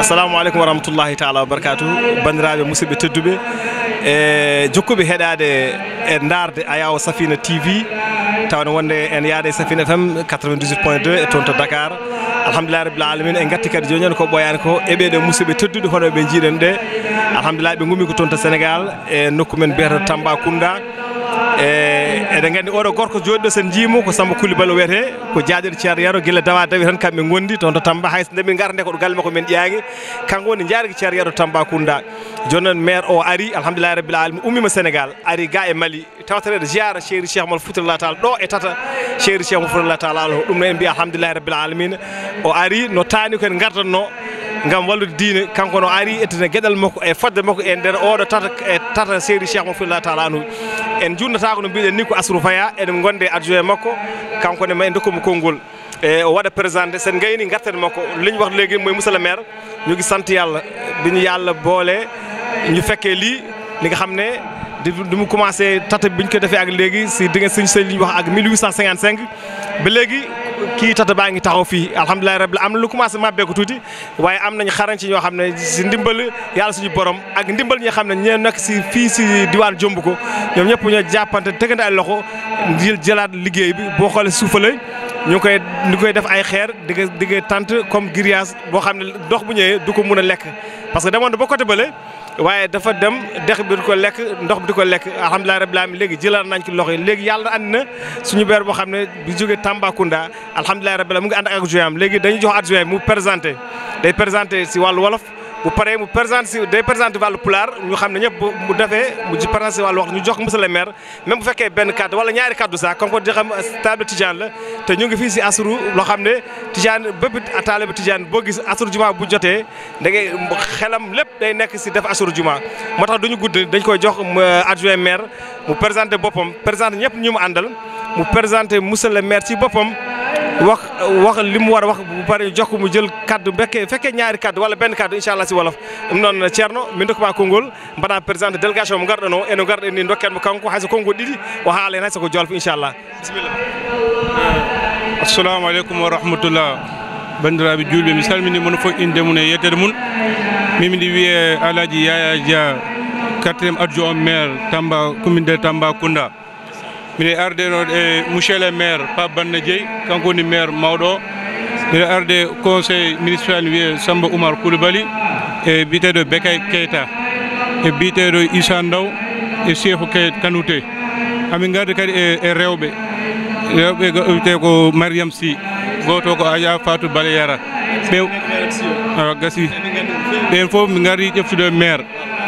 assalamu aleykum wa rahmatullahi taala wa barkatuhu bandiraɓe musidɓe tedduɓe e jokkuɓe heɗade e darde ayawo safina tv tawne wonde en yaade e safina fm 98 point 2 e toon to dakar alhamdulillah rabbil alamin e gatti kadi joni ko ɓoyani ko eɓeɗe musidɓe tedduɗe honoɓe jiiɗen ɗe alhamdulillah ɓe gummi ko toon to sénégal e nokku men biyata tamba kunda e eɗen gandi oɗo gorko joɗiɗo sen jiimo ko samba kulibalo wiyete ko jaaɗiɗo ceer yaro guila dawa dawi tan kamɓe gondi toon to tamba hayso nde min garande ko ɗo galle makko men ƴaagi kanko woni jaarigui ceer yaro tamba kunda joni noon maire o ari alhamdulillah rabbil alami ummima sénégal ari ga e mali tawtaneɗe jiyara chéri cheikh mol futrala tal ɗo e tata chéri cheikh mo futrala tal ala ɗum no en mbiya alhamdulillahi rabbil alamina o ari no taani ko en gardatno gam wallude diine kanko no ari ettene gueɗal makko e fodde makko e nder oɗo tata e tata chéri cheikh mo futrala tal anuy en ko no mbiɗen ni ko asrou faya enen gonde adjoint makko ne ma en dokkuma konngol e o waɗa présenté sen gayni garten makko liñ wax léegi mooy monsieur le maire ñu ngi sant yàlla biñu yalla yàlla boole ñu fekkee lii li nga xam ne mu commencé tata bi ko defee ak léegi si di señ señ sëñ li ñu wax ak 1855 ba legui kii tata baa ngi taxaw fii alhamdulilah rabbil am na lu commencé màbbeeku tuuti waaye am nañ xarañ ci ñoo xam ne si ndimbal yàlla suñu borom ak ndimbal ñi xam ne ñoo nekk si fii si diwaan jomb ko ñoom ñëpp ñoo jàppante tegante ay loxo jël jëlaat liggéey bi boo xoolee suufale ñu koy ñu koy def ay xeer di nga di comme grillage boo xam ne dox bu ñëwee du ko mun a lekk parce que demoon ba côté waaye dafa dem dex bi di ko lekk ndox bi di ko lekk alhamdulilah rabbil alamin léegi jëlaat nañ ci loxo yi léegi yàlla ànd na suñu beer boo xam ne bi jógee Tambacounda alhamdulilah rabbil alamin mu ngi ànd ak adjoint léegi dañu jox adjoint mu présenté day présenté si wàllu wolof bu paree mu présente si day présente wàllu pulaar ñu xam ne ñëpp mu defee mu ci présente si wàllu wax ñu jox monsieur a maire même bu fekkee benn kàddu wala ñaari kàddu sax comme ko di xam taalibe Tijaan la te ñu ngi fii si asuru loo xam ne Tijaan bépp taalibe Tijaan boo gis asuru juma bu jotee da ngay xelam lépp day nekk si def asuru juma moo tax du ñu gudd dañ koy jox euh, adjoint maire mu présenté boppam présenté ñëpp ñu mu àndal mu présenté monsieur le maire ci boppam wax wax li mu war a wax bu bëri jox ko mu jël kaddu bekkee fekkee ñaari kaddu wala benn kaddu incha allah si wolof ɗum noon ceerno mi ndokkuma konngol mbaɗa présidente délégation mo garɗo noo eno garɗo ni ndokken mo kanko hayso konngol ɗiɗi o haala hen hay soko jolfo incha allah bisimillah eh, assalamu aleykum wa rahmatullah banndiraaɓe juulɓe mi salmini mono fof inde mum e yettere mum mimi ndi wiye alaaji yaya dia quatriéme adjo on maire tamba commune de tamba kounda mbiɗe arde ɗon e mouchel e maire pape banne dieyi kanko woni maire mawɗo o mbiɗe arde conseil municipal wiye samba oumar koulibaly e biteɗo bekay keyta e biteɗo issa ndaw e sefo ke kanouté ami garde kadi e, e rewɓe rewɓe te ko mariam sy goto ko aya fatou bale yara ɓe gasi ɓen foof mi gari ƴeftude maire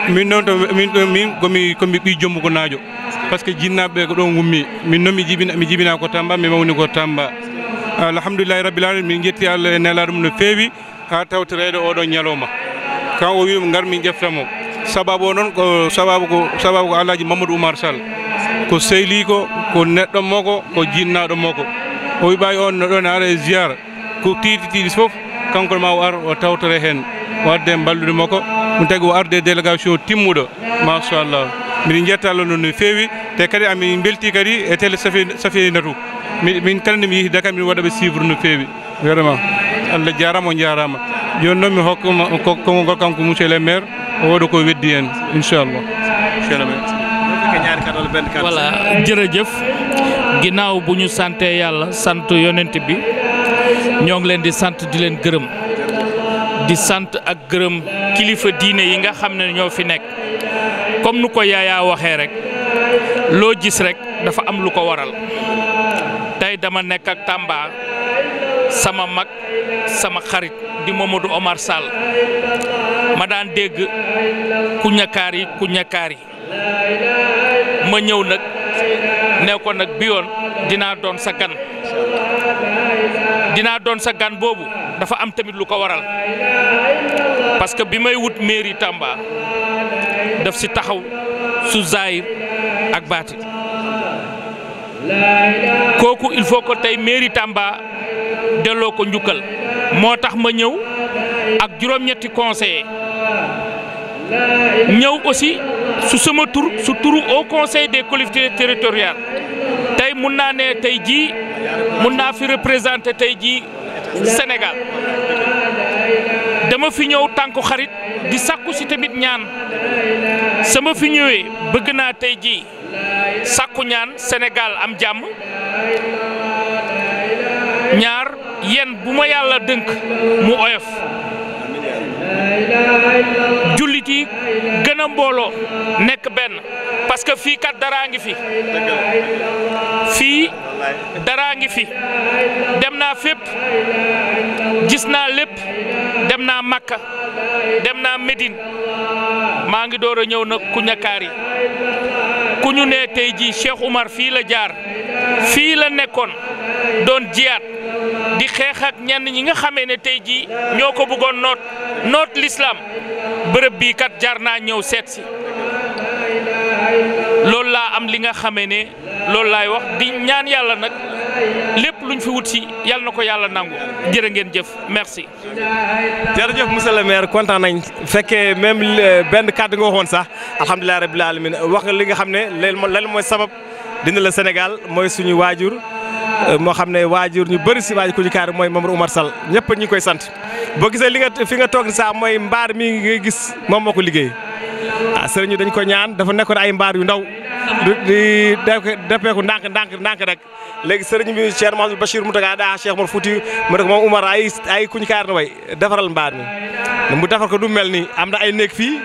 min noon to min min komi komi ɓi jommu ko naajo par ce que jinnaɓeɓe ko ɗon gummi min noon mi jibina mi jibina ko tamba mi mawni ko tamba alhamdulillahi rabbil alamin min guetti allah e nelaɗo ɗum no fewi ha tawtirede oɗo ñalowma kan o wimo gar min ƴeftamo sababu o noon ko sababu ko sababu ko alhaji mamadou oumar sall ko sehliko ko neɗɗo moko ko jinnaɗo moko o wiɓay on no ɗon ara e ziar ko tiiɗi tiiɗi foof kanko ma o ar o tawtore hen o adde e balluɗe makko ɗum tagi o arde délégation timmuɗo machallah miɗen jettalono no feewi te kadi amin belti kadi e télé safinatu min kala nde mi yeehi dakar min waɗaɓe suivre no feewi vraiment allah jarama o jarama joni noon mi hokkama kongol kanko monsieur le maire o waɗa ko weddi hen inchallah monsieur jërëjëf ginnaaw bu ñu santee yàlla sant yonent bi ñoo ngi leen di sant di leen gërëm di sant ak gërëm kilifa diine yi nga xam ne ñoo fi nekk comme nuko yaaya waxe rek lo gis rek dafa am luko waral tay dama nek ak Tamba sama mak sama xarit di momadou Omar Sall ma daan deg ku ñakar yi ku ñakar yi ma ñew nak ne nak bi won dina doon sa gan dina doon sa gan bobu dafa am tamit lu ko waral parce que bi may wut mairie Tamba daf si taxaw su zaayir ak baati kooku il faut que tey mairie Tamba delloo ko njukkal moo tax ma ñëw ak juróom-ñetti conseiller ñëw aussi su sama tur su turu au conseil des collectivités territoriales tey mun naa ne tey jii mun naa fi représenter tey jii. senegaal dama fi ñëw tànku xarit di sàkku ci tamit ñaan sama fi ñëwee bëgg naa tey jii sàkku ñaan Sénégal am jàmm ñaar yenn bu ma yàlla dënk mu oyof mbooloo nekk benn parce que fii kat daraa ngi fi fii daraa ngi fi dem naa fépp gis naa lépp dem naa Makka dem naa Médine maa ngi door a ñëw na ku ñakkaar yi ku ñu ne tey jii Cheikh Oumar fii la jaar fii la nekkoon doon jiyaat di xex ak ñan ñi nga xamé né tay ji ñoko bëggon not not l'islam bërepp bi kat jarna ñew ñëw seet si am li nga xamé né lool lay wax di ñaan yalla nak lepp luñ fi wut ci yalla nako yalla nangu jere ngeen jëf merci. jëf monsieur le maire content nañ féké même euh, benn kàddu nga xon sax alhamdullilah rabbil alamin wax nga li nga xam ne lan sabab dina le Sénégal moy suñu wajur. Euh, moo xam ne waajur ñu bëri si waajur ku ci kaar mooy Mamadou Oumar Sall ñëpp ñi koy sant boo gisee li nga fi nga toog saa mooy mbaar mi ngay gis moom moo ko liggéey ah sëriñ dañ koy ñaan dafa nekkoon ay mbaar yu ndaw di deppeeku ndànk ndank ndànk rek léegi sëriñ bi Cheikh Mouhamadou Bachir Moutaga daa Cheikh Mor Fouti mu rek moom Oumar ay ay kuñ kaar na way defaral mbaar mi mu defar ko du mel ni am na ay néeg fii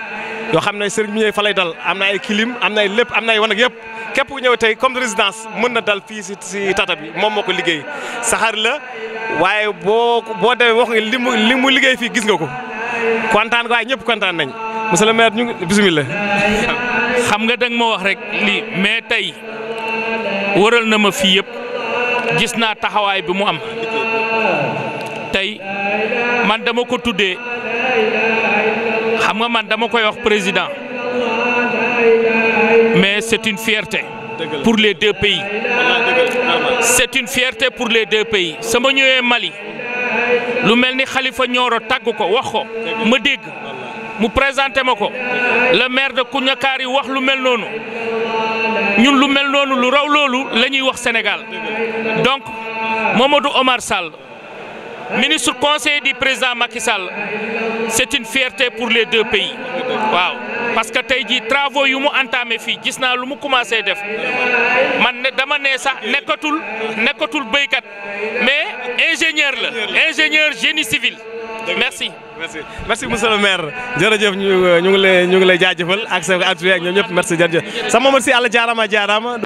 yoo xam na sëriñ bi ñëwee fa dal am na ay kilim am na ay lépp am na ay wanag yëpp képp ku ñëw tey comme résidence mën na dal fii si si tata bi moom moo ko liggéey saxaar la waaye boo boo demee wax nga li mu liggéey fii gis nga ko kontaan waaye ñëpp kontaan nañ monsieur le maire ñu bisimilah. xam nga danga ma wax rek lii mais tey wëral na ma fii yëpp gis naa taxawaay bi mu am tey man dama ko tuddee. xam je man dama koy wax président mais c'est une fierté pour les deux pays c'est une fierté pour les deux pays sama ñëwee Mali lu melni Khalifa ñoro tagg ko wax ko ma dégg mu présenté mako le maire de Kougnakari wax lu mel nonu ñun lu mel nonu lu raw lolu lañuy wax Sénégal donc Mamadou Omar Sall ministre Conseil du président Macky Sall c'est une fierté pour les deux pays waaw parce que tey travaux yu mu entamé fii gis naa lu mu commencé def man ne dama ne sax nekkatul nekkatul béykat mais ingénieur ingénieur génie civil merci. merci monsieur le maire Je ñu ñu ngi lay ñu ngi lay jaajëfal ak sa ak ñoom ñëpp merci jërëjëf sama monsieur Alla jarama jarama.